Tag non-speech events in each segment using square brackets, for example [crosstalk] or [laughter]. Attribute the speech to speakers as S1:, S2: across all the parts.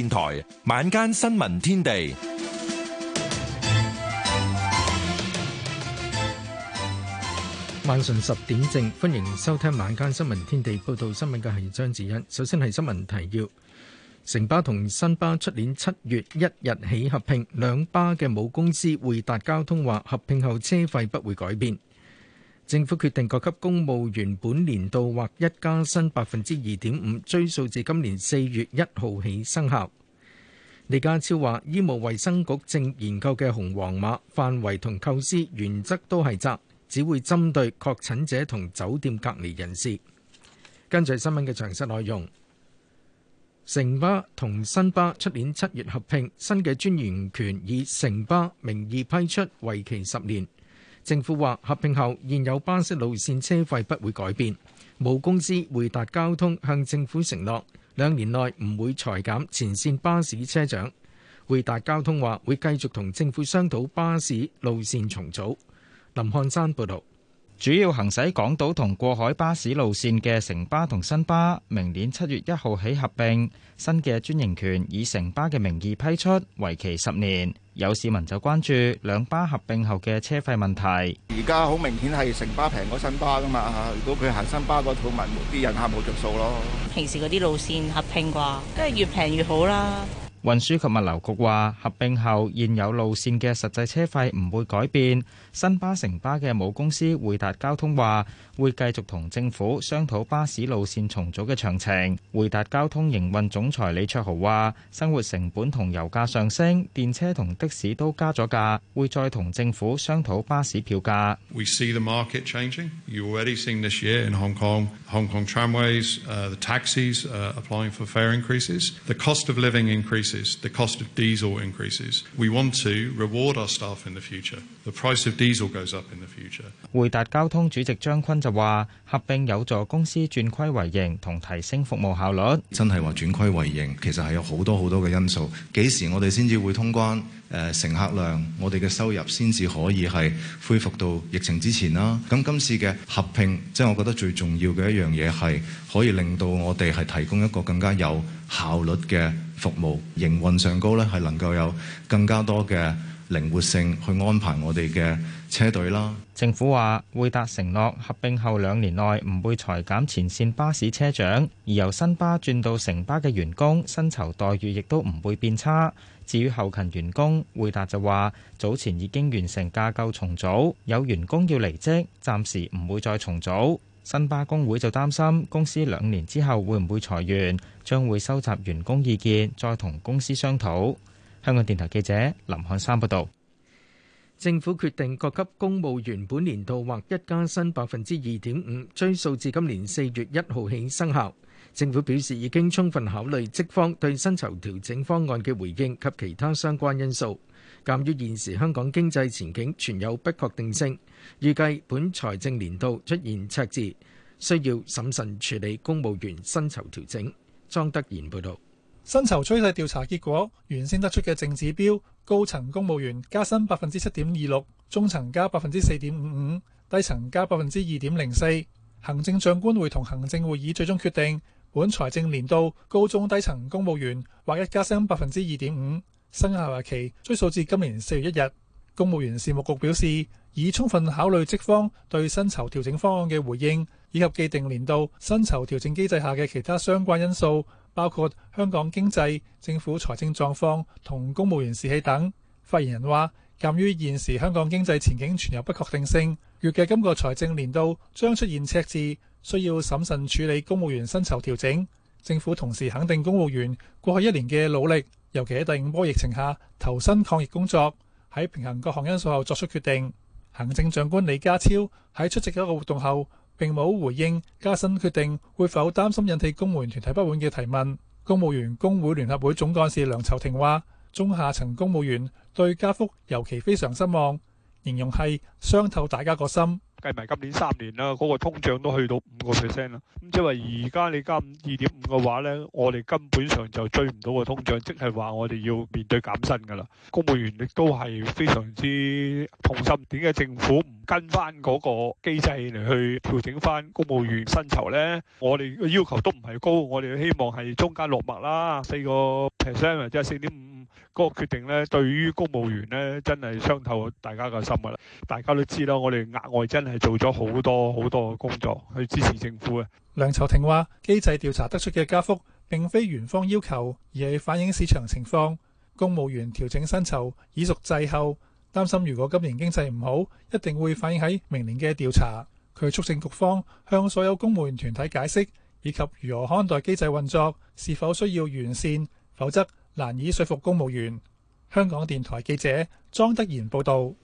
S1: 電台晚間新聞天地，
S2: 晚上十點正，歡迎收聽晚間新聞天地。報道新聞嘅係張子欣。首先係新聞提要：城巴同新巴出年七月一日起合併，兩巴嘅母公司匯達交通話，合併後車費不會改變。政府決定各級公務員本年度或一加薪百分之二點五，追溯至今年四月一號起生效。李家超話：醫務衛生局正研究嘅紅黃碼範圍同構思原則都係窄，只會針對確診者同酒店隔離人士。跟住新聞嘅詳細內容，城巴同新巴出年七月合併，新嘅專營權以城巴名義批出，為期十年。政府話合併後，現有巴士路線車費不會改變。無公司匯達交通向政府承諾，兩年內唔會裁減前線巴士車長。匯達交通話會繼續同政府商討巴士路線重組。林漢山報導。主要行駛港島同過海巴士路線嘅城巴同
S3: 新巴，明年七月一號起合併，新嘅專營權以城巴嘅名義批出，為期十年。有市民就關注兩巴合併後嘅車費問題。
S4: 而家好明顯係城巴平過新巴噶嘛，如果佢行新巴嗰套，咪啲人客冇
S5: 着數咯。平時嗰啲路線合併啩，梗係越平越好啦。
S3: 運輸及物流局話，合併後現有路線嘅實際車費唔會改變。新巴、城巴嘅母公司匯達交通話。會繼續同政府商討巴士路線重組嘅詳情。回答交通營運總裁李卓豪話，生活成本同油價上升，電車同的士都加咗價，會再同政府商討巴士票
S6: 價。回答交通主席張
S3: 坤話合併有助公司轉虧為盈
S4: 同提升服務效率。真係話轉虧為盈，其實係有好多好多嘅因素。幾時我哋先至會通關？誒，乘客量，我哋嘅收入先至可以係恢復到疫情之前啦。咁今次嘅合併，即係我覺得最重要嘅一樣嘢係可以令到我哋係提供一個更加有效率嘅服務，營運上高呢，係能夠有更加多嘅。靈活性去安排我哋嘅車隊啦。
S3: 政府話，匯達承諾合併後兩年內唔會裁減前線巴士車長，而由新巴轉到城巴嘅員工薪酬待遇亦都唔會變差。至於後勤員工，匯達就話，早前已經完成架構重組，有員工要離職，暫時唔會再重組。新巴工會就擔心公司兩年之後會唔會裁員，將會收集員工意見，再同公司商討。香港電台記者林漢山報道，
S2: 政府決定各級公務員本年度或一加薪百分之二點五，追溯至今年四月一號起生效。政府表示已經充分考慮職方對薪酬調整方案嘅回應及其他相關因素，鑑於現時香港經濟前景存有不確定性，預計本財政年度出現赤字，需要審慎處理公務
S7: 員薪酬調整。莊德賢報道。薪酬趨勢調查結果原先得出嘅淨指標，高層公務員加薪百分之七點二六，中層加百分之四點五五，低層加百分之二點零四。行政長官會同行政會議最終決定，本財政年度高、中、低層公務員劃一加薪百分之二點五，生效日期追溯至今年四月一日。公務員事務局表示，已充分考慮職方對薪酬調整方案嘅回應。以及既定年度薪酬調整機制下嘅其他相關因素，包括香港經濟、政府財政狀況同公務員士氣等。發言人話，鑒於現時香港經濟前景存有不確定性，預計今個財政年度將出現赤字，需要審慎處理公務員薪酬調整。政府同時肯定公務員過去一年嘅努力，尤其喺第五波疫情下投身抗疫工作，喺平衡各項因素後作出決定。行政長官李家超喺出席一個活動後，並冇回應加薪決定，會否擔心引起公務員團體不滿嘅提問。公務員工會聯合會總幹事梁酬庭話：中下層公務員對加幅尤其非常失望，形容係傷透大家個心。計埋今年三年啦，嗰個通脹都去到五個 percent 啦。咁即係話，而家你加二點五嘅話咧，我哋根本上就追唔到個通脹，即係話我哋要面對減薪噶啦。公務員亦都係非常之痛心，點解政府唔跟翻嗰個機制嚟去調整翻公務員薪酬咧？我哋嘅要求都唔係高，我哋希望係中間落墨啦，四個 percent 或者係四點五。嗰個決定咧，對於公務員咧，真係傷透大家個心噶啦！大家都知啦，我哋額外真係做咗好多好多嘅工作去支持政府嘅。梁籌庭話：機制調查得出嘅加幅並非員方要求，而係反映市場情況。公務員調整薪酬已屬滯後，擔心如果今年經濟唔好，一定會反映喺明年嘅調查。佢促請局方向所有公務員團體解釋以及如何看待機制運作，是否需要完善，否則，難以說服公務員。香港電台記者莊德賢報導。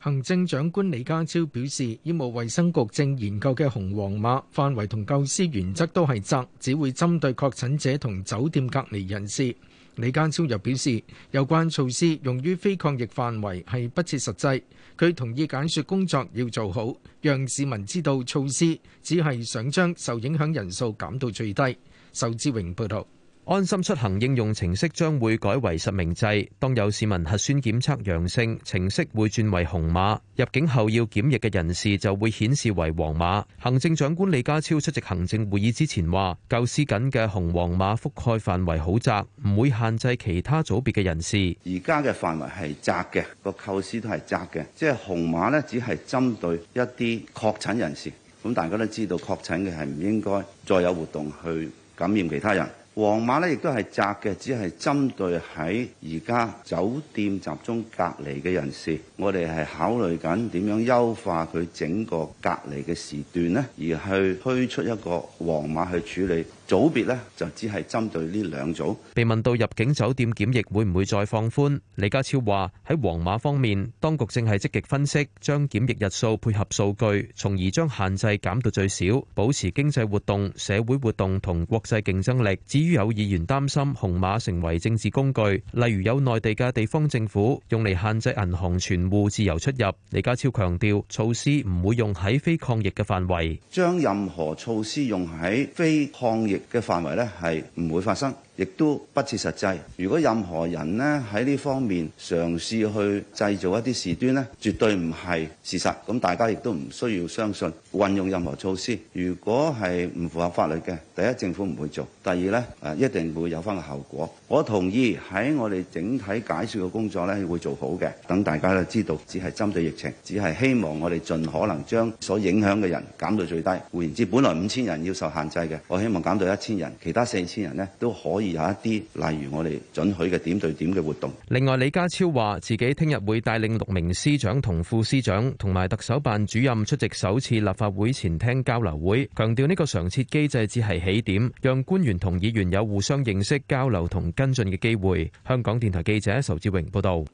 S7: 行政長官李家
S2: 超表示，醫務衛生局正研究嘅紅黃碼範圍同構思原則都係窄，只會針對確診者同酒店隔離人士。李家超又表示，有關措施用於非抗疫範圍係不切實際。佢同意解説工作要做好，讓市民知道措施只係想將受影響人數減到最低。仇志榮報導。安心出行應用程式將會改為實名
S8: 制。當有市民核酸檢測陽性，程式會轉為紅碼。入境後要檢疫嘅人士就會顯示為黃碼。行政長官李家超出席行政會議之前話：構思緊嘅紅黃碼覆蓋範圍好窄，唔會限制其他組別嘅人
S4: 士。而家嘅範圍係窄嘅，個構思都係窄嘅，即係紅碼呢，只係針對一啲確診人士。咁大家都知道，確診嘅係唔應該再有活動去感染其他人。黃碼咧，亦都係窄嘅，只係針對喺而家酒店集中隔離嘅人士，我哋係考慮緊點樣優化佢整個隔離嘅時段，而去推出一個黃碼去處理。組別呢就只係針對呢兩組。
S8: 被問到入境酒店檢疫會唔會再放寬，李家超話喺黃碼方面，當局正係積極分析，將檢疫日數配合數據，從而將限制減到最少，保持經濟活動、社會活動同國際競爭力。至於有議員擔心紅碼成為政治工具，例如有內地嘅地方政府用嚟限制銀行存戶自由出入，李家超強調措施唔會用喺非抗疫嘅範圍，
S4: 將任何措施用喺非抗疫嘅範圍咧，係唔會發生。亦都不切實際。如果任何人呢喺呢方面嘗試去製造一啲事端咧，絕對唔係事實，咁大家亦都唔需要相信。運用任何措施，如果係唔符合法律嘅，第一政府唔會做，第二咧，誒，一定會有翻個後果。我同意喺我哋整體解說嘅工作咧會做好嘅，等大家都知道。只係針對疫情，只係希望我哋盡可能將所影響嘅人減到最低。換言之，本來五千人要受限制嘅，我希望減到一千人，其他四千人咧都可以。有一啲，例如我哋准許嘅點對點嘅活動，
S8: 另外，李家超話自己聽日會帶領六名司長同副司長同埋特首辦主任出席首次立法會前廳交流會，強調呢個常設機制只係起點，讓官員同議員有互相認識交流同跟進嘅機會。香港電台記者仇志榮報道。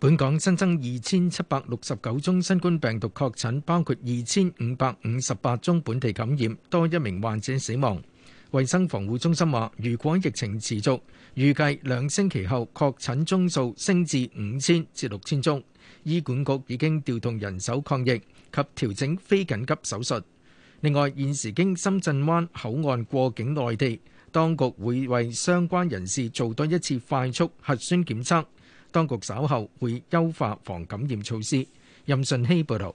S2: 本港新增二千七百六十九宗新冠病毒確診，包括二千五百五十八宗本地感染，多一名患者死亡。衛生防護中心話，如果疫情持續，預計兩星期後確診宗數升至五千至六千宗。醫管局已經調動人手抗疫及調整非緊急手術。另外，現時經深圳灣口岸過境內地，當局會為相關人士做多一次快速核酸檢測。當局稍後會優化防感染措施。任順希報
S9: 道。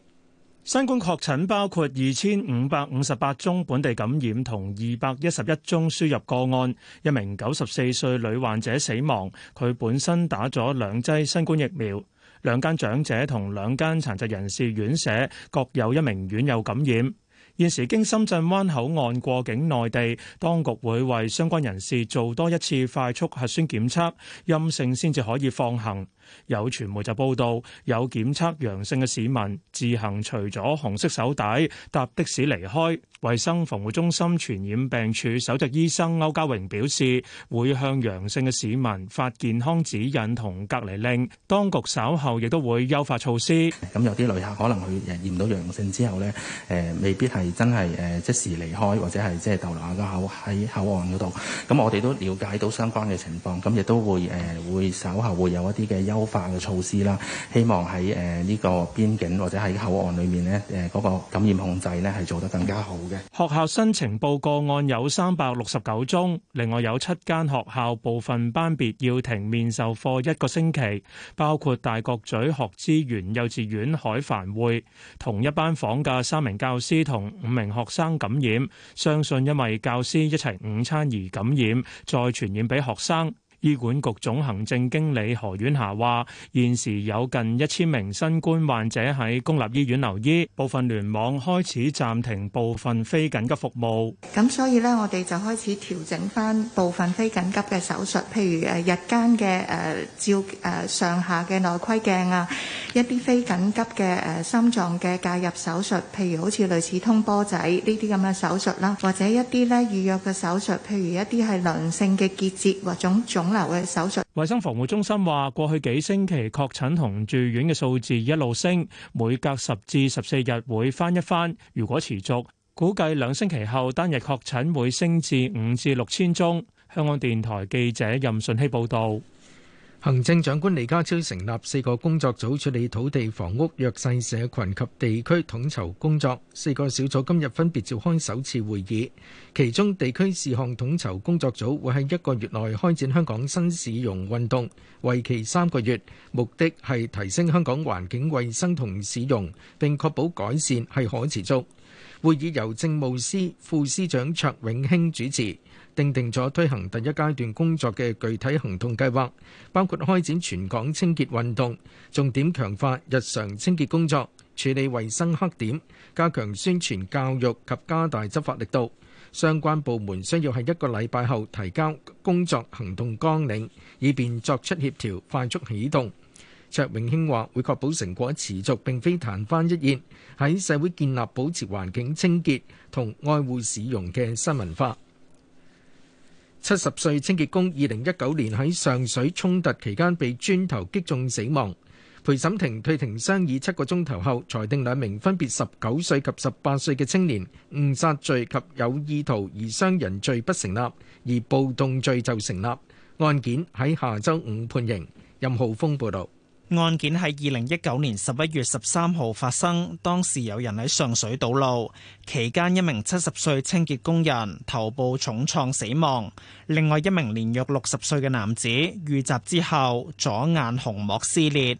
S9: 新冠確診包括二千五百五十八宗本地感染同二百一十一宗輸入個案，一名九十四歲女患者死亡，佢本身打咗兩劑新冠疫苗，兩間長者同兩間殘疾人士院舍各有一名院友感染。現時經深圳灣口岸過境內地，當局會為相關人士做多一次快速核酸檢測，陰性先至可以放行。有傳媒就報道有檢測陽性嘅市民自行除咗紅色手帶搭的士離開。衛生防護中心傳染病處首席醫生歐家榮表示，會向陽性嘅市民發健康指引同隔離令。當局稍後亦都會優化措施。咁有啲旅客可能
S3: 佢驗到陽性之後呢，誒、呃、未必係真係誒即時離開，或者係即係逗留下個口喺口岸嗰度。咁我哋都了解到相關嘅情況，咁亦都會誒、呃、會稍後會有一啲嘅優化嘅措施啦，希望喺誒呢個邊境或者喺口岸裏面咧，誒嗰個感染控制咧係做得更加好嘅。
S9: 學校新呈報個案有三百六十九宗，另外有七間學校部分班別要停面授課一個星期，包括大角咀學之園幼稚園海帆會同一班房嘅三名教師同五名學生感染，相信因為教師一齊午餐而感染，再傳染俾學生。醫管局總行政經理何婉霞話，現時有近一千名新冠患者喺公立醫院留醫，部分聯網開始暫停部分非緊急服務。
S10: 咁所以呢，我哋就開始調整翻部分非緊急嘅手術，譬如誒日間嘅誒照誒上下嘅內窺鏡啊，一啲非緊急嘅誒心臟嘅介入手術，譬如好似類似通波仔呢啲咁嘅手術啦，或者一啲呢預約嘅手術，譬如一啲係良性嘅結節或者腫。手
S9: 衛生防護中心話，過去幾星期確診同住院嘅數字一路升，每隔十至十四日會翻一番。如果持續，估計兩星期後單日確診會升至五至六千宗。香港電台記者任順希報道。
S2: 行政長官李家超成立四個工作組處理土地房屋、弱勢社群及地區統籌工作，四個小組今日分別召開首次會議，其中地區事項統籌工作組會喺一個月內開展香港新市容運動，為期定定咗推行第一階段工作嘅具體行動計劃，包括開展全港清潔運動，重點強化日常清潔工作，處理衞生黑點，加強宣傳教育及加大執法力度。相關部門需要喺一個禮拜後提交工作行動綱領，以便作出協調，快速啟動。卓永興話：會確保成果持續，並非曇花一現，喺社會建立保持環境清潔同愛護市容嘅新文化。70歲清潔工2019年喺上水衝突期間被磚頭擊中死亡。陪審庭退庭商議7個鐘頭後，裁定兩名分別19歲及18歲的青年，誤殺罪及有意圖而傷人罪不成立，而暴動罪就成立。案件喺下周五判刑，任浩峰報道。
S5: 案件喺二零一九年十一月十三號發生，當時有人喺上水堵路期間，一名七十歲清潔工人頭部重創死亡，另外一名年約六十歲嘅男子遇襲之後左眼虹膜撕裂。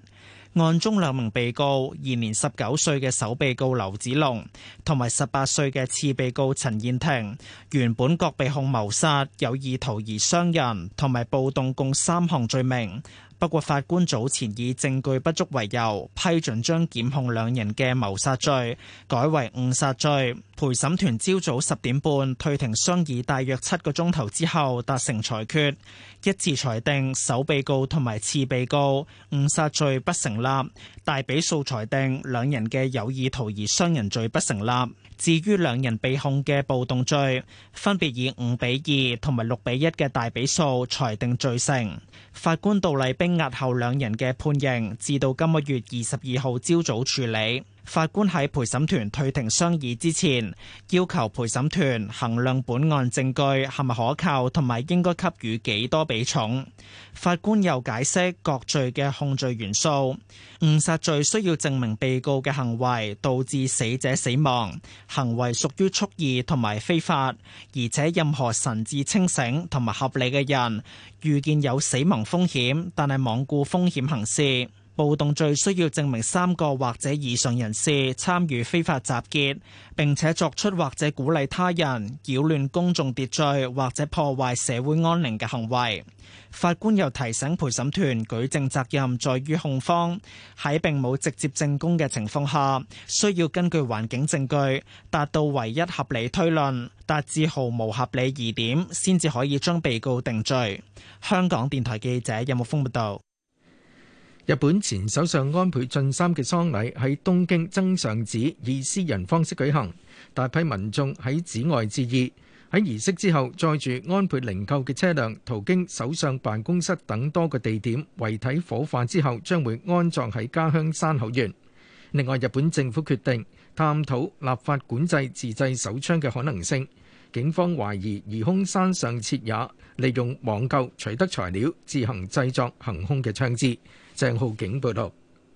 S5: 案中兩名被告，現年十九歲嘅首被告劉子龍，同埋十八歲嘅次被告陳燕婷，原本各被控謀殺、有意圖而傷人同埋暴動共三項罪名。不過，法官早前以證據不足為由批准將檢控兩人嘅謀殺罪改為誤殺罪。陪審團朝早十點半退庭商議，大約七個鐘頭之後達成裁決，一致裁定首被告同埋次被告誤殺罪不成立。大比數裁定兩人嘅有意圖而傷人罪不成立。至於兩人被控嘅暴動罪，分別以五比二同埋六比一嘅大比數裁定罪成。法官杜麗冰押後兩人嘅判刑，至到今個月二十二號朝早處理。法官喺陪審團退庭商議之前，要求陪審團衡量本案證據係咪可靠，同埋應該給予幾多比重。法官又解釋各罪嘅控罪元素。誤殺罪需要證明被告嘅行為導致死者死亡，行為屬於蓄意同埋非法，而且任何神志清醒同埋合理嘅人預見有死亡風險，但係罔顧風險行事。暴動罪需要證明三個或者以上人士參與非法集結，並且作出或者鼓勵他人擾亂公眾秩序或者破壞社會安寧嘅行為。法官又提醒陪審團，舉證責任在於控方。喺並冇直接證供嘅情況下，需要根據環境證據達到唯一合理推論，達至毫無合理疑點，先至可以將被告定罪。香港電台記者任木峰報道。
S2: 日本前首相安倍晉三嘅喪禮喺東京增上寺以私人方式舉行，大批民眾喺寺外致意。喺儀式之後，載住安倍靈柩嘅車輛途經首相辦公室等多個地點，遺體火化之後將會安葬喺家鄉山口縣。另外，日本政府決定探討立法管制自製手槍嘅可能性。警方懷疑疑凶山上徹也利用網購取得材料自行製作行凶嘅槍支。鄭浩景報道：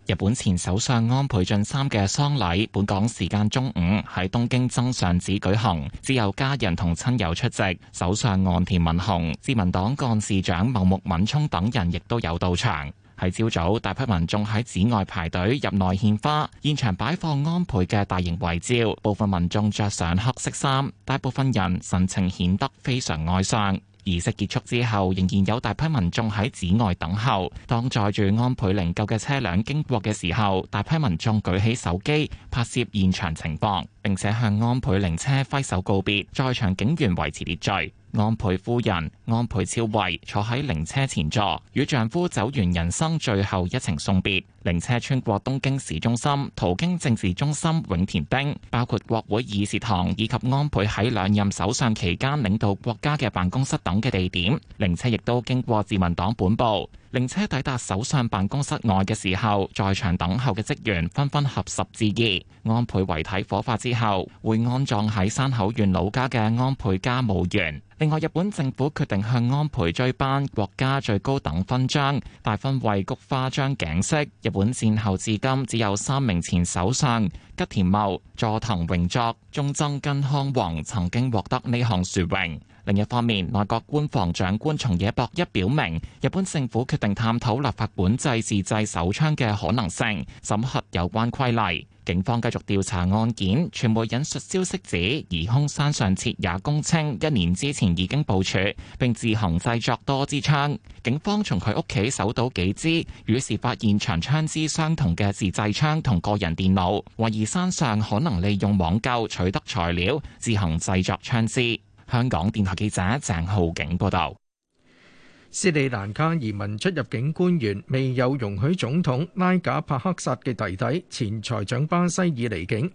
S2: 日本前首相安倍晉三嘅喪禮，
S11: 本港時間中午喺東京增上寺舉行，只有家人同親友出席。首相岸田文雄、自民黨幹事長茂木敏充等人亦都有到場。喺朝早，大批民眾喺寺外排隊入內獻花，現場擺放安倍嘅大型遺照。部分民眾着上黑色衫，大部分人神情顯得非常哀傷。儀式結束之後，仍然有大批民眾喺寺外等候。當載住安倍靈柩嘅車輛經過嘅時候，大批民眾舉起手機拍攝現場情況。並且向安倍靈車揮手告別，在場警員維持秩序。安倍夫人安倍昭惠坐喺靈車前座，與丈夫走完人生最後一程送別。靈車穿過東京市中心，途經政治中心永田町，包括國會議事堂以及安倍喺兩任首相期間領導國家嘅辦公室等嘅地點。靈車亦都經過自民黨本部。靈車抵達首相辦公室外嘅時候，在場等候嘅職員紛紛合十致意。安倍遺體火化之後，會安葬喺山口縣老家嘅安倍家墓園。另外，日本政府決定向安倍追頒國家最高等勳章，大勳位菊花章頸飾。日本戰後至今只有三名前首相吉田茂、佐藤榮作、中曾根康弘曾經獲得呢項殊榮。另一方面，內閣官房長官松野博一表明，日本政府決定探討立法管制自製手槍嘅可能性，審核有關規例。警方繼續調查案件。傳媒引述消息指，疑兇山上徹也供稱一年之前已經部署，並自行製作多支槍。警方從佢屋企搜到幾支與事發現場槍支相同嘅自製槍同個人電腦，懷疑山上可能利用網購取得材料自行製作槍支。香港電台記者鄭浩景報道，
S2: 斯里蘭卡移民出入境官員未有容許總統拉賈帕克薩嘅弟弟前財長巴西爾離境。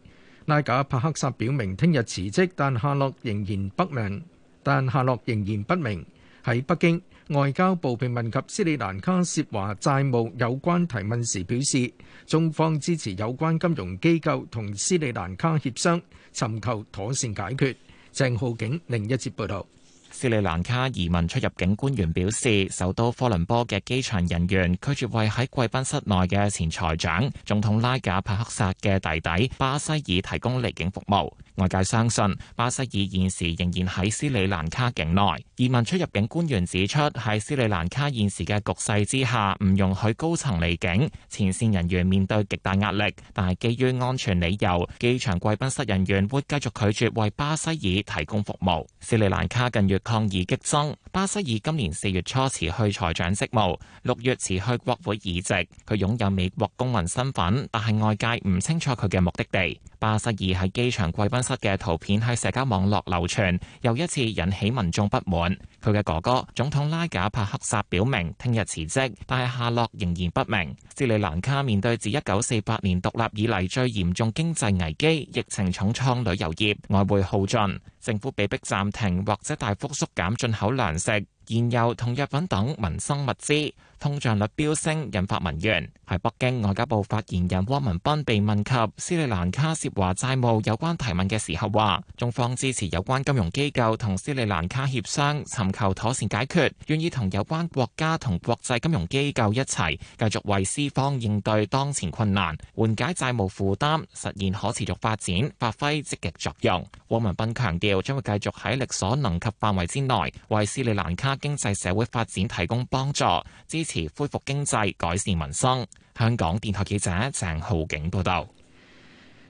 S2: 拉賈帕克薩表明聽日辭職，但下落仍然不明。但下落仍然不明。喺北京，外交部被問及斯里蘭卡涉華債務有關提問時表示，中方支持有關金融機構同斯里蘭卡協商，尋求妥善解決。鄭浩景另一節報道，
S11: 斯里蘭卡移民出入境官員表示，首都科倫坡嘅機場人員拒絕為喺貴賓室內嘅前財長、總統拉賈帕克薩嘅弟弟巴西爾提供離境服務。外界相信巴西爾現時仍然喺斯里蘭卡境內，移民出入境官員指出，喺斯里蘭卡現時嘅局勢之下，唔容許高層離境，前線人員面對極大壓力。但係基於安全理由，機場貴賓室人員會繼續拒絕為巴西爾提供服務。斯里蘭卡近月抗議激增，巴西爾今年四月初辭去財長職務，六月辭去國會議席。佢擁有美國公民身份，但係外界唔清楚佢嘅目的地。巴西爾喺機場貴賓。失嘅圖片喺社交網絡流傳，又一次引起民眾不滿。佢嘅哥哥總統拉賈帕克薩表明聽日辭職，但係下落仍然不明。斯里蘭卡面對自一九四八年獨立以嚟最嚴重經濟危機，疫情重創旅遊業，外匯耗盡，政府被迫暫停或者大幅縮減進口糧食、燃油同藥品等民生物資。通脹率飆升引發民怨。喺北京外交部發言人汪文斌被問及斯里蘭卡涉華債務有關提問嘅時候，話中方支持有關金融機構同斯里蘭卡協商，尋求妥善解決，願意同有關國家同國際金融機構一齊繼續為斯方應對當前困難、緩解債務負擔、實現可持續發展發揮積極作用。汪文斌強調，將會繼續喺力所能及範圍之內為斯里蘭卡經濟社會發展提供幫助支持。支持恢復經
S2: 濟、改善民生。香港電台記者鄭浩景報道。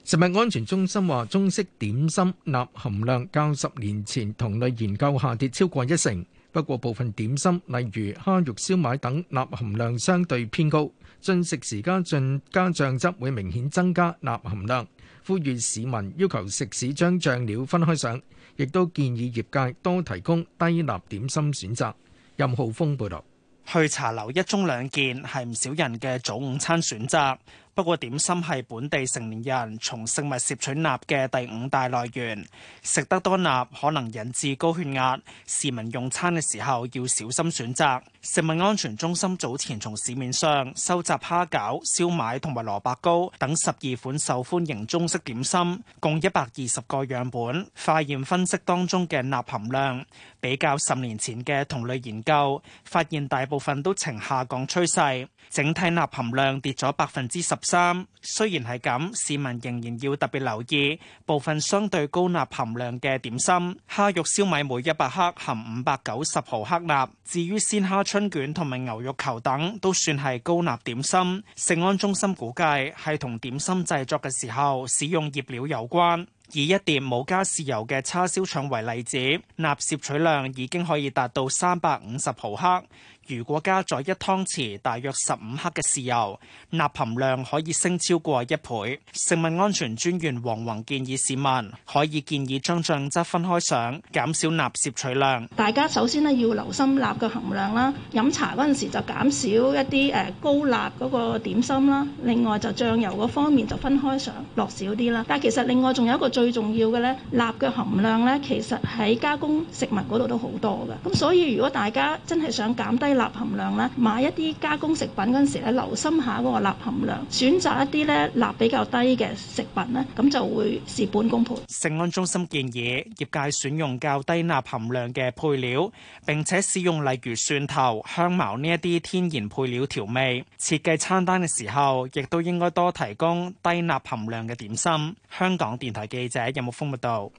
S2: 食物安全中心話，中式點心鈉含量較十年前同類研究下跌超過一成，不過部分點心例如蝦肉燒賣等鈉含量相對偏高。進食時加進加醬汁會明顯增加鈉含量。呼籲市民要求食肆將醬料分開上，亦都建議業界多提供低鈉點心選擇。任浩峰報道。去茶樓一盅兩件，
S5: 係唔少人嘅早午餐選擇。不過點心係本地成年人從食物攝取鈉嘅第五大來源，食得多鈉可能引致高血壓，市民用餐嘅時候要小心選擇。食物安全中心早前從市面上收集蝦餃、燒賣同埋蘿蔔糕等十二款受歡迎中式點心，共一百二十個樣本。化驗分析當中嘅鈉含量，比較十年前嘅同類研究，發現大部分都呈下降趨勢，整體鈉含量跌咗百分之十。三雖然係咁，市民仍然要特別留意部分相對高鈉含量嘅點心，蝦肉燒米每一百克含五百九十毫克鈉。至於鮮蝦春卷同埋牛肉球等，都算係高鈉點心。食安中心估計係同點心製作嘅時候使用醃料有關。以一碟冇加豉油嘅叉燒腸為例子，鈉攝取量已經可以達到三百五十毫克。如果加咗一湯匙大約十五克嘅豉油，鈉含量可以升超過一倍。食物安全專員黃宏建議市民可以建議將醬汁分開上，減少鈉攝取量。
S12: 大家首先呢要留心鈉嘅含量啦，飲茶嗰陣時就減少一啲誒高鈉嗰個點心啦。另外就醬油嗰方面就分開上，落少啲啦。但其實另外仲有一個最最重要嘅咧，鈉嘅含量咧，其實喺加工食物嗰度都好多嘅。咁所以如果大家真係想減低鈉含量咧，買一啲加工食品嗰陣時咧，留心下嗰個鈉含量，選擇一啲咧鈉比較低嘅食品咧，咁就會事半功倍。
S5: 食安中心建議業界選用較低鈉含量嘅配料，並且使用例如蒜頭、香茅呢一啲天然配料調味。設計餐單嘅時候，亦都應該多提供低鈉含量嘅點心。
S2: 香港電台記者。者任木峰報道：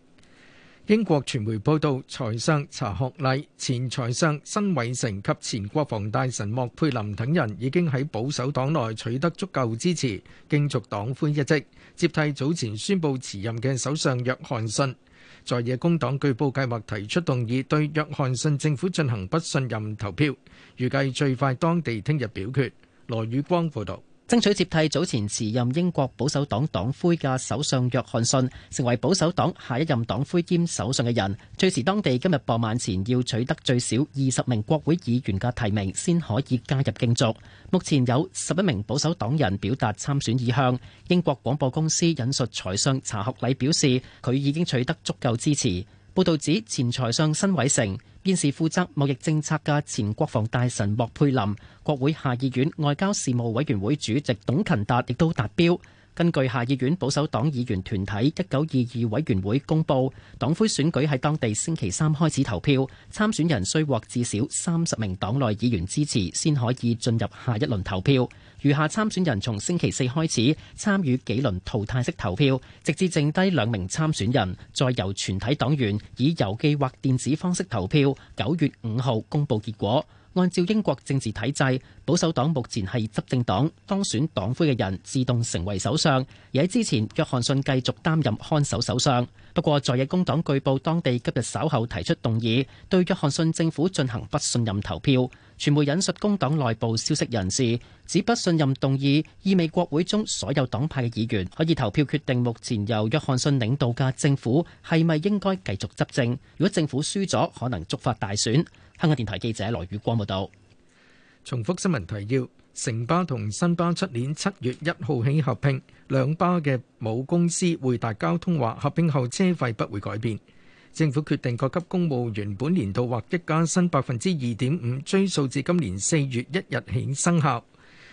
S2: 英國傳媒報道，財相查學禮、前財相辛偉誠及前國防大臣莫佩林等人已經喺保守黨內取得足夠支持，競逐黨魁一職，接替早前宣布辭任嘅首相約翰遜。在野工黨據報計劃提出動議，對約翰遜政府進行不信任投票，預計最快當地聽日表決。
S6: 羅宇光報道。爭取接替早前辭任英國保守黨黨魁嘅首相約翰遜，成為保守黨下一任黨魁兼首相嘅人，最遲當地今日傍晚前要取得最少二十名國會議員嘅提名，先可以加入競逐。目前有十一名保守黨人表達參選意向。英國廣播公司引述財相查克禮表示，佢已經取得足夠支持。報導指前財相辛偉誠，現時負責貿易政策嘅前國防大臣莫佩林，國會下議院外交事務委員會主席董勤達亦都達標。根據下議院保守黨議員團體一九二二委員會公佈，黨魁選舉喺當地星期三開始投票，參選人需獲至少三十名黨內議員支持，先可以進入下一輪投票。餘下參選人從星期四開始參與幾輪淘汰式投票，直至剩低兩名參選人，再由全體黨員以郵寄或電子方式投票，九月五號公佈結果。按照英國政治體制，保守黨目前係執政黨，當選黨魁嘅人自動成為首相。而喺之前，約翰遜繼續擔任看守首相。不過，在野工黨據報當地今日稍後提出動議，對約翰遜政府進行不信任投票。傳媒引述工黨內部消息人士，指不信任動議意味國會中所有黨派嘅議員可以投票決定目前由約翰遜領導嘅政府係咪應該繼續執政。如果政府輸咗，可能觸發大選。香港電台記者羅宇光報道。重複新聞提要：
S2: 城巴同新巴出年七月一號起合併，兩巴嘅母公司匯達交通話，合併後車費不會改變。政府決定各級公務員本年度或一加薪百分之二點五，追溯至今年四月一日起生效。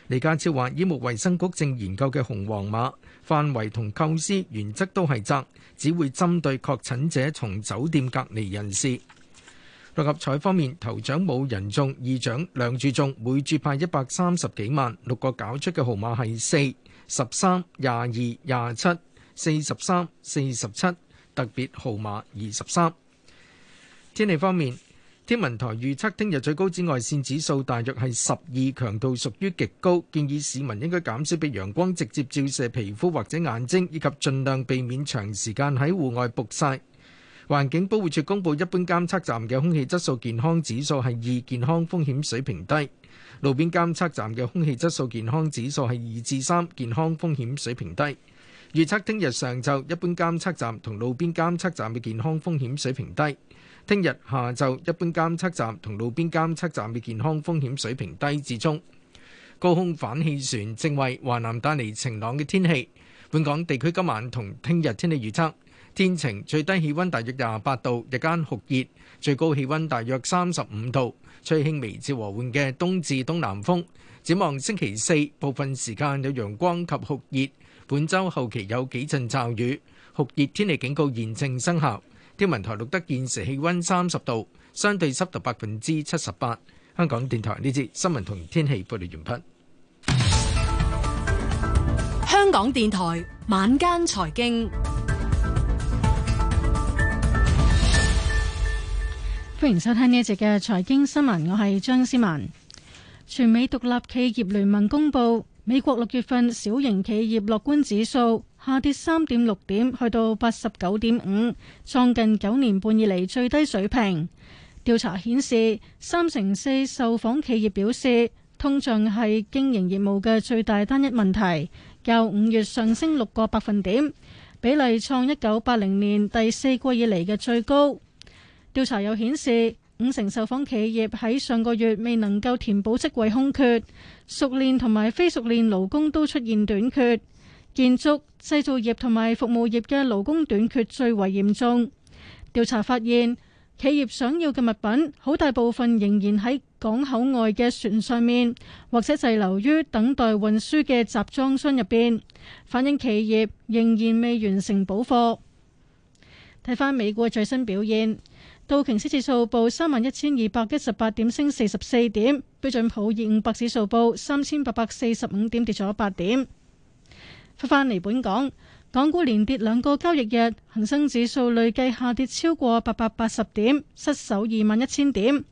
S2: 李家超話，醫務衛生局正研究嘅紅黃碼範圍同構思原則都係窄，只會針對確診者同酒店隔離人士。六合彩方面，頭獎冇人中，二獎兩注中，每注派一百三十幾萬。六個搞出嘅號碼係四、十三、廿二、廿七、四十三、四十七，特別號碼二十三。天氣方面，天文台預測聽日最高紫外線指數大約係十二，強度屬於極高，建議市民應該減少畀陽光直接照射皮膚或者眼睛，以及盡量避免長時間喺戶外曝曬。環境保護署公布，一般監測站嘅空氣質素健康指數係二，健康風險水平低；路邊監測站嘅空氣質素健康指數係二至三，健康風險水平低。預測聽日上晝，一般監測站同路邊監測站嘅健康風險水平低；聽日下晝，一般監測站同路邊監測站嘅健康風險水平低至中。高空反氣旋正為華南帶嚟晴朗嘅天氣。本港地區今晚同聽日天氣預測。天晴，最低氣溫大約廿八度，日間酷熱，最高氣溫大約三十五度。吹輕微至和緩嘅東至東南風。展望星期四，部分時間有陽光及酷熱。本周後期有幾陣驟雨，酷熱天氣警告現正生效。天文台錄得現時氣溫三十度，相對濕度百分之七十八。香港電台呢節新聞同天氣報道完畢。
S12: 香港電台晚間財經。歡迎收聽呢一節嘅財經新聞，我係張思文。全美獨立企業聯盟公佈，美國六月份小型企業樂觀指數下跌三點六點，去到八十九點五，創近九年半以嚟最低水平。調查顯示，三成四受訪企業表示通脹係經營業務嘅最大單一問題，較五月上升六個百分點，比例創一九八零年第四季以嚟嘅最高。調查又顯示，五成受訪企業喺上個月未能夠填補職位空缺，熟練同埋非熟練勞工都出現短缺。建築、製造業同埋服務業嘅勞工短缺最為嚴重。調查發現，企業想要嘅物品好大部分仍然喺港口外嘅船上面，或者滯留於等待運輸嘅集裝箱入邊，反映企業仍然未完成補貨。睇返美國最新表現。道瓊斯指數報三萬一千二百一十八點，升四十四點。標準普爾五百指數報三千八百四十五點，跌咗八點。翻返嚟，本港港股連跌兩個交易日，恒生指數累計下跌超過八百八十點，失守二萬一千點。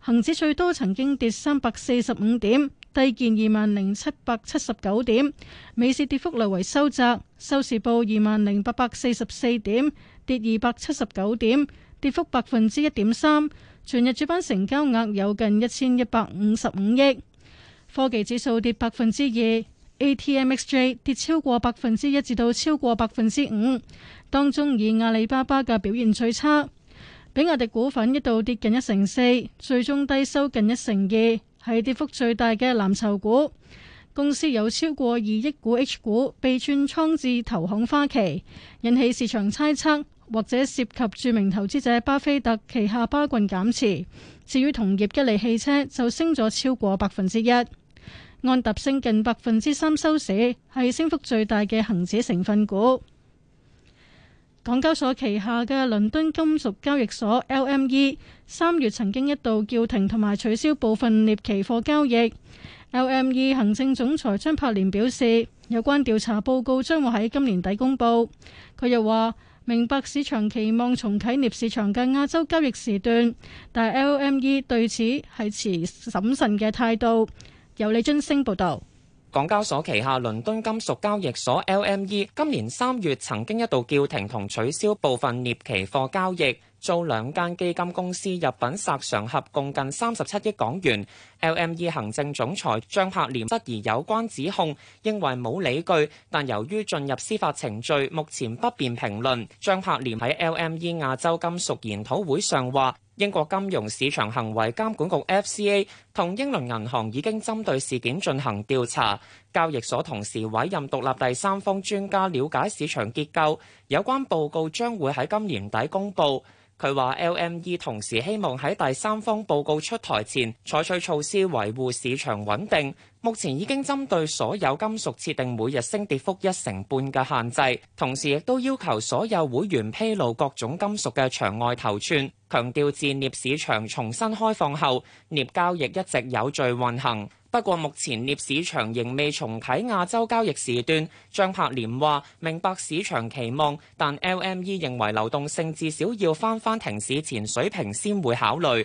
S12: 恒指最多曾經跌三百四十五點，低見二萬零七百七十九點。美市跌幅略為收窄，收市報二萬零八百四十四點，跌二百七十九點。跌幅百分之一點三，全日主板成交額有近一千一百五十五億。科技指數跌百分之二，ATMXJ 跌超過百分之一至到超過百分之五，當中以阿里巴巴嘅表現最差。比亞迪股份一度跌近一成四，最終低收近一成二，係跌幅最大嘅藍籌股。公司有超過二億股 H 股被轉倉至投行花旗，引起市場猜測。或者涉及著名投資者巴菲特旗下巴郡減持。至於同業吉利汽車就升咗超過百分之一，按特升近百分之三收市，係升幅最大嘅恒指成分股。港交所旗下嘅倫敦金屬交易所 LME 三月曾經一度叫停同埋取消部分鎳期貨交易。LME 行政總裁張柏蓮表示，有關調查報告將會喺今年底公布，佢又話，明白市場期望重啟鎳市場嘅亞洲交易時段，但係 LME 對此係持審慎嘅態度。由李津升報導。
S13: 港交所旗下倫敦金屬交易所 LME 今年三月曾經一度叫停同取消部分鎳期貨交易。租兩間基金公司入品殺常合共近三十七億港元。LME 佢話 LME 同時希望喺第三方報告出台前採取措施維護市場穩定，目前已經針對所有金屬設定每日升跌幅一成半嘅限制，同時亦都要求所有會員披露各種金屬嘅場外頭寸，強調自鎳市場重新開放後，鎳交易一直有序運行。不過，目前鎳市場仍未重啟亞洲交易時段。張柏廉話：明白市場期望，但 LME 認為流動性至少要返返停市前水平先會考
S1: 慮。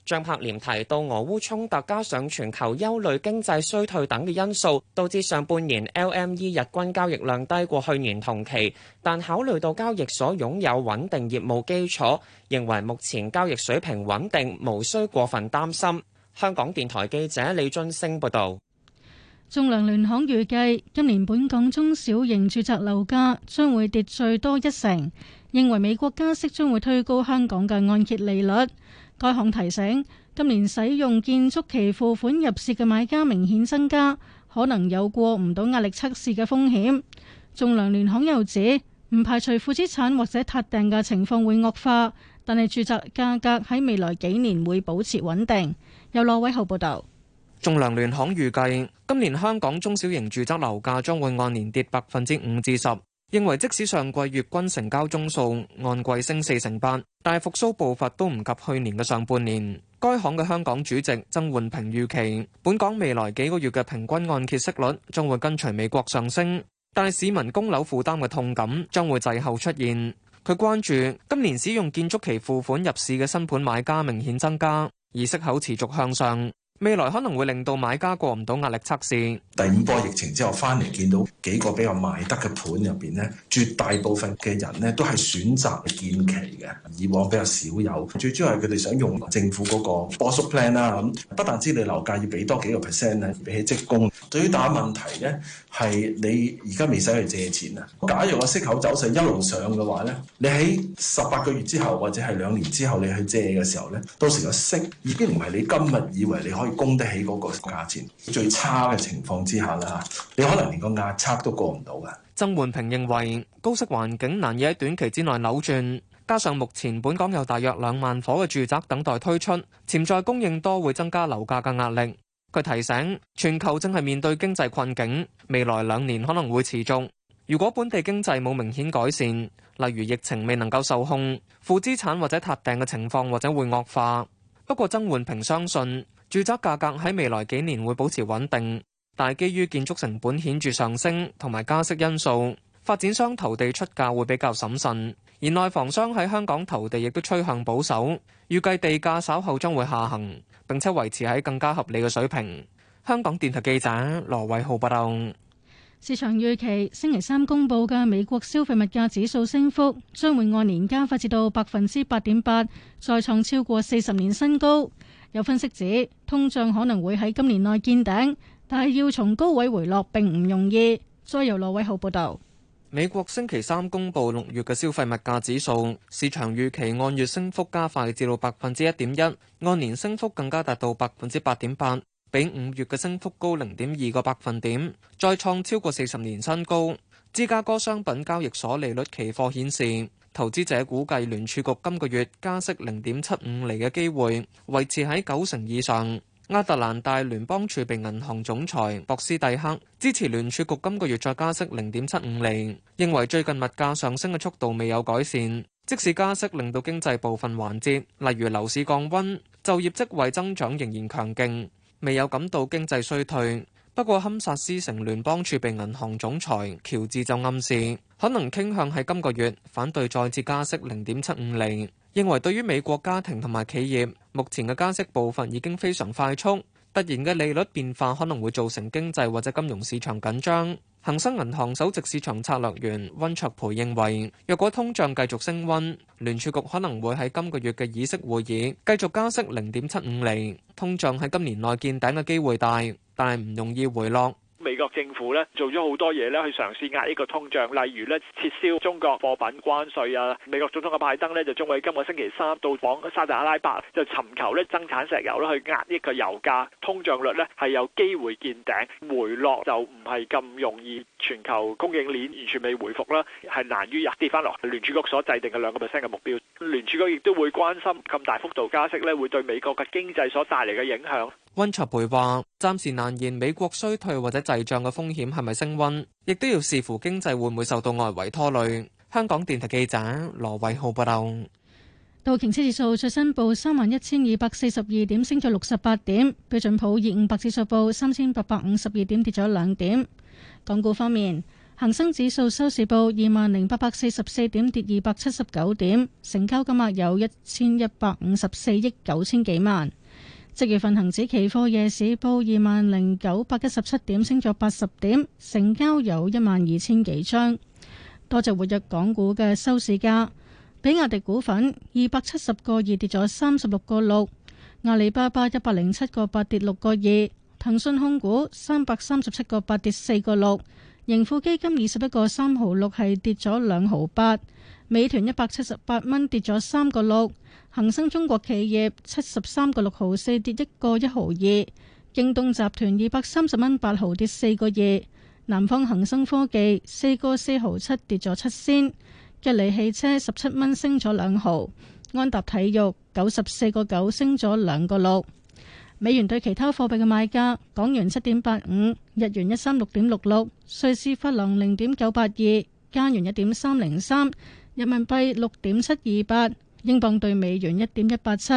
S13: 張柏廉提到，俄烏衝突加上全球憂慮、經濟衰退等嘅因素，導致上半年 LME 日均交易量低過去年同期。但考慮到交易所擁有穩定業務基礎，認為目前交易水平穩定，無需過分擔心。香港電台記者李津升報道。
S12: 仲量聯行預計今年本港中小型住宅樓價將會跌最多一成，認為美國加息將會推高香港嘅按揭利率。該行提醒，今年使用建築期付款入市嘅買家明顯增加，可能有過唔到壓力測試嘅風險。仲量聯行又指，唔排除負資產或者撻訂嘅情況會惡化，但係住宅價格喺未來幾年會保持穩定。有羅偉浩報導。
S10: 仲量聯行預計，今年香港中小型住宅樓價將會按年跌百分之五至十。認為即使上季月均成交宗數按季升四成八，但係復蘇步伐都唔及去年嘅上半年。該行嘅香港主席曾煥平預期，本港未來幾個月嘅平均按揭息率將會跟隨美國上升，但係市民供樓負擔嘅痛感將會滯後出現。佢關注今年使用建築期付款入市嘅新盤買家明顯增加，而息口持續向上。未來可能會令到買家過唔到壓力測試。
S1: 第五波疫情之後翻嚟見到幾個比較賣得嘅盤入邊咧，絕大部分嘅人咧都係選擇見期嘅。以往比較少
S9: 有，最主要係佢哋想用政府嗰個波叔 plan 啦，咁不但知你樓價要俾多幾個 percent 俾起職工。最大問題咧係你而家未使去借錢啊。
S7: 假如個息口走勢一路上嘅話咧，你喺十八個月之後或者係兩年之後你去借嘅時候咧，到時個息已經唔係你今日以為你可以供得起嗰個價
S2: 錢，最差嘅情況之下啦，你可能連個壓測都過唔到嘅。
S10: 曾煥平認為高息環境難以喺短期之內扭轉，加上目前本港有大約兩萬伙嘅住宅等待推出，潛在供應多會增加樓價嘅壓力。佢提醒全球正係面對經濟困境，未來兩年可能會持續，如果本地經濟冇明顯改善，例如疫情未能夠受控，負資產或者塌訂嘅情況或者會惡化。不過曾煥平相信。住宅價格喺未來幾年會保持穩定，但係基於建築成本顯著上升同埋加息因素，發展商投地出價會比較審慎。而內房商喺香港投地亦都趨向保守，預計地價稍後將會下行，並且維持喺更加合理嘅水平。香港電台記者羅偉浩報道。
S12: 市場預期星期三公佈嘅美國消費物價指數升幅將會按年加快至到百分之八點八，再創超過四十年新高。有分析指，通脹可能會喺今年內見頂，但係要從高位回落並唔容易。再由羅偉浩報道。
S10: 美國星期三公布六月嘅消費物價指數，市場預期按月升幅加快至到百分之一點一，按年升幅更加達到百分之八點八，比五月嘅升幅高零點二個百分點，再創超過四十年新高。芝加哥商品交易所利率期貨顯示，投資者估計聯儲局今個月加息零點七五厘嘅機會維持喺九成以上。亞特蘭大聯邦儲備銀行總裁博斯蒂克支持聯儲局今個月再加息零點七五厘，認為最近物價上升嘅速度未有改善，即使加息令到經濟部分環節例如樓市降温，就業職位增長仍然強勁，未有感到經濟衰退。不過堪薩斯城聯邦儲備銀行總裁喬治就暗示。可能傾向喺今個月反對再次加息0.75厘，認為對於美國家庭同埋企業，目前嘅加息步伐已經非常快速，突然嘅利率變化可能會造成經濟或者金融市場緊張。恒生銀行首席市場策略員温卓培認為，若果通脹繼續升温，聯儲局可能會喺今個月嘅議息會議繼續加息0.75厘。通脹喺今年內見頂嘅機會大，但係唔容易回落。
S9: 美國政府咧做咗好多嘢咧，去嘗試壓呢個通脹，例如咧撤銷中國貨品關稅啊。美國總統嘅拜登咧就將會今個星期三到訪沙特阿拉伯，就尋求咧增產石油啦，去壓呢個油價。通脹率咧係有機會見頂，回落就唔係咁容易。全球供應鏈完全未回復啦，係難於入跌翻落。聯儲局所制定嘅兩個 percent 嘅目標，聯儲局亦都會關心咁大幅度加息咧會對美國嘅經濟所帶嚟嘅影響。
S10: 温卓培話：暫時難言美國衰退或者滯脹嘅風險係咪升温，亦都要視乎經濟會唔會受到外圍拖累。香港電台記者羅偉浩報道，
S12: 道瓊斯指數最新報三萬一千二百四十二點，升咗六十八點；標準普爾五百指數報三千八百五十二點，跌咗兩點。港股方面，恒生指數收市報二萬零八百四十四點，跌二百七十九點，成交金額有一千一百五十四億九千幾萬。七月份恒指期貨夜市報二萬零九百一十七點，升咗八十點，成交有一萬二千幾張，多隻活躍港股嘅收市價，比亞迪股份二百七十個二跌咗三十六個六，阿里巴巴一百零七個八跌六個二，騰訊控股三百三十七個八跌四個六，盈富基金二十一個三毫六係跌咗兩毫八。美團一百七十八蚊跌咗三個六，恒生中國企業七十三個六毫四跌一個一毫二，京東集團二百三十蚊八毫跌四個二，南方恒生科技四個四毫七跌咗七仙，吉利汽車十七蚊升咗兩毫，安踏體育九十四個九升咗兩個六，美元對其他貨幣嘅賣價：港元七點八五，日元一三六點六六，瑞士法郎零點九八二，加元一點三零三。人民幣六點七二八，英鎊兌美元一點一八七，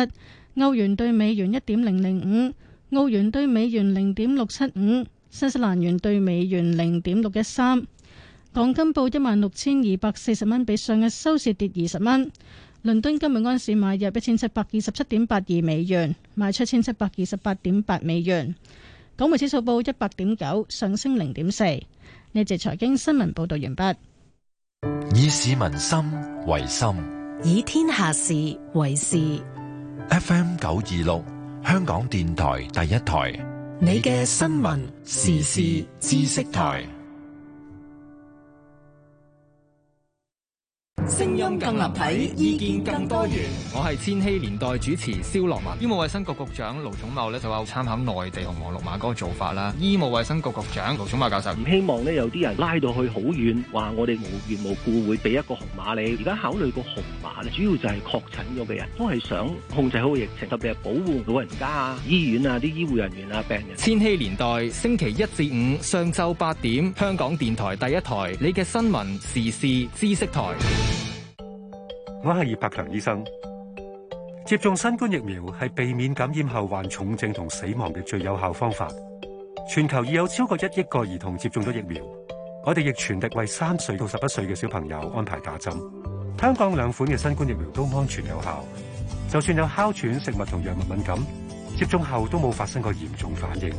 S12: 歐元兌美元一點零零五，澳元兌美元零點六七五，新西蘭元兌美元零點六一三。港金報一萬六千二百四十蚊，比上日收市跌二十蚊。倫敦金每安士買入一千七百二十七點八二美元，賣出千七百二十八點八美元。港匯指數報一百點九，上升零點四。呢節財經新聞報道完畢。
S1: 以市民心為心，
S12: 以天下事為事。
S1: FM 九二六，香港電台第一台，
S12: 你嘅
S2: 新聞時事知識台。
S12: 聲音更立
S1: 體，意見更多元。我係千禧
S11: 年代主持蕭樂文醫局局。醫務衛生局局長盧寵茂咧，就話，參考內地紅黃綠碼嗰個做法啦。醫務衛生局局長盧寵茂教授唔希望咧，有啲人拉到去好遠，話我哋無
S9: 緣無故會俾一個紅碼你。而家考慮個紅碼咧，主要就係確診咗嘅人都係
S11: 想控制好疫情，特別係保護老人家啊、醫院啊、啲醫護人員啊、病人。千禧年代星期一至五上晝八點，香港電台第一台，你嘅新聞
S1: 時事知識台。我係葉柏強醫生，接種新冠疫苗係避免感染後患重症同死亡嘅最有效方法。全球已有超過一億個兒童接種咗疫苗，我哋亦全力為三歲到十一歲嘅小朋友安排打針。香港兩款嘅新冠疫苗都安全有效，就算有哮喘、食物同藥物敏感，接種後都冇發生過嚴重反應。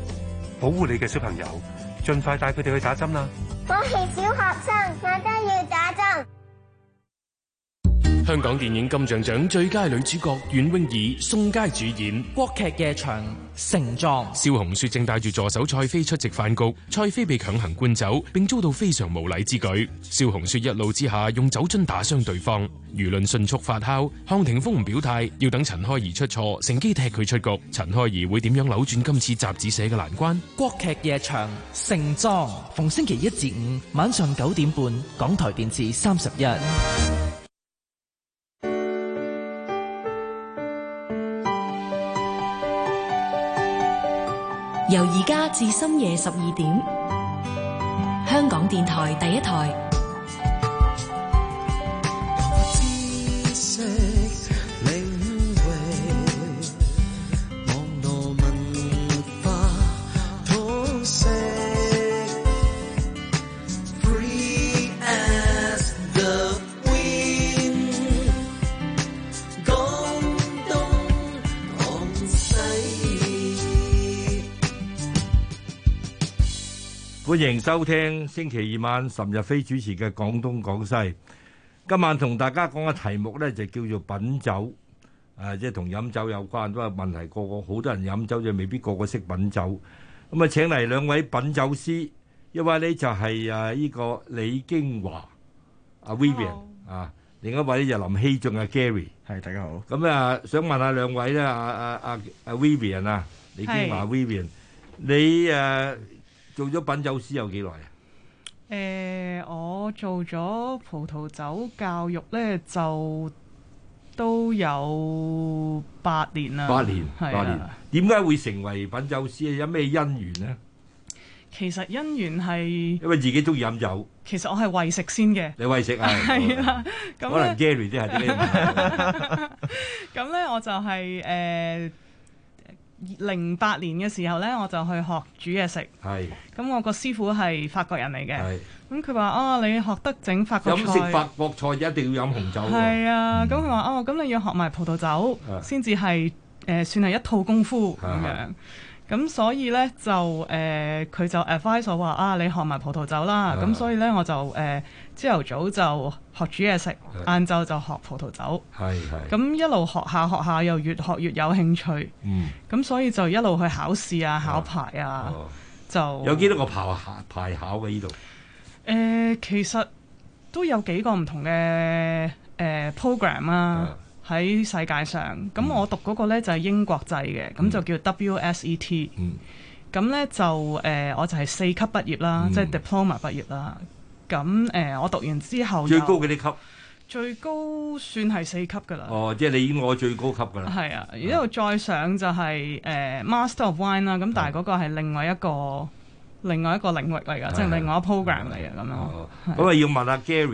S1: 保護你嘅小朋友，盡快帶佢哋去打針啦！
S3: 我係小學生，我都要
S12: 打。
S9: 香港電影金像獎最佳女主角袁詠儀、宋佳主演《國劇夜場盛裝》。蕭紅雪正帶住助手蔡飛出席飯局，蔡飛被強行灌酒，並遭到非常無禮之舉。蕭紅雪一怒之下，用酒樽打傷對方。輿論迅速發酵，康廷峰唔表態，要等陳開怡出錯，乘機踢佢出局。陳開怡會點樣扭轉今次雜誌社嘅難關？
S2: 國劇《國劇夜場盛裝》逢星期一至五晚上九點半，港台電視三十一。
S10: 由而家至深夜十二點，香港電台第一台。
S1: 歡迎收聽星期二晚岑日飛主持嘅《廣東廣西》。今晚同大家講嘅題目咧，就叫做品酒，誒，即係同飲酒有關。都係問題，個個好多人飲酒，就未必個個識品酒。咁啊，請嚟兩位品酒師，一位咧就係啊呢個李京華阿 Vivian 啊，另一位就林希俊阿 Gary。係大家好。咁啊，想問下兩位咧，阿阿阿阿 Vivian 啊，李京華 Vivian，你誒？做咗品酒師有幾耐啊？
S14: 誒、呃，我做咗葡萄酒教育咧，就都有八年啦。八年，八年。
S1: 點解是的 會成為品酒師啊？有咩因緣咧？
S14: 其實因緣係因為
S1: 自己中意飲酒。
S14: 其實我係餵食先嘅。
S1: 你餵食 [laughs] 啊？係啦論， [laughs] 可能 Gary 啲係啲啊。
S14: 咁咧，我就係、是、誒。呃零八年嘅時候呢，我就去學煮嘢食。係是，咁、嗯、我個師傅係法國人嚟嘅。係是，咁佢話哦，你學得整法國菜。法
S1: 國菜一定要飲紅酒。哦。係啊，
S14: 咁佢話哦，咁你要學埋葡萄酒先至係誒算係一套功夫咁的樣。咁所以呢，就誒佢、呃、就 advice 我話啊，你學埋葡萄酒啦。咁、啊、所以呢，我就誒朝頭早就學煮嘢食，晏晝是就學葡萄酒。係咁一路學下學下，又越學越有興趣。嗯。咁所以就一路去考試啊，考牌啊，啊啊就。有幾
S1: 多個牌，牌考嘅呢度？
S14: 誒、呃，其實都有幾個唔同嘅、呃、program 啊。啊喺世界上，咁我讀嗰個咧就係英國制嘅，咁就叫 WSET。嗯。咁咧就誒，我就係四級畢業啦，即係 Diploma 畢業啦。咁誒，我讀完之後，最高幾多級？最高算係四級噶啦。
S1: 哦，即係你已經我最高級噶啦。係
S14: 啊，然之後再上就係誒 Master of Wine 啦。咁但係嗰個係另外一個，另外一個領域嚟噶，即係另外一個 program 嚟嘅。咁咯。
S1: 咁啊，要問下 Gary。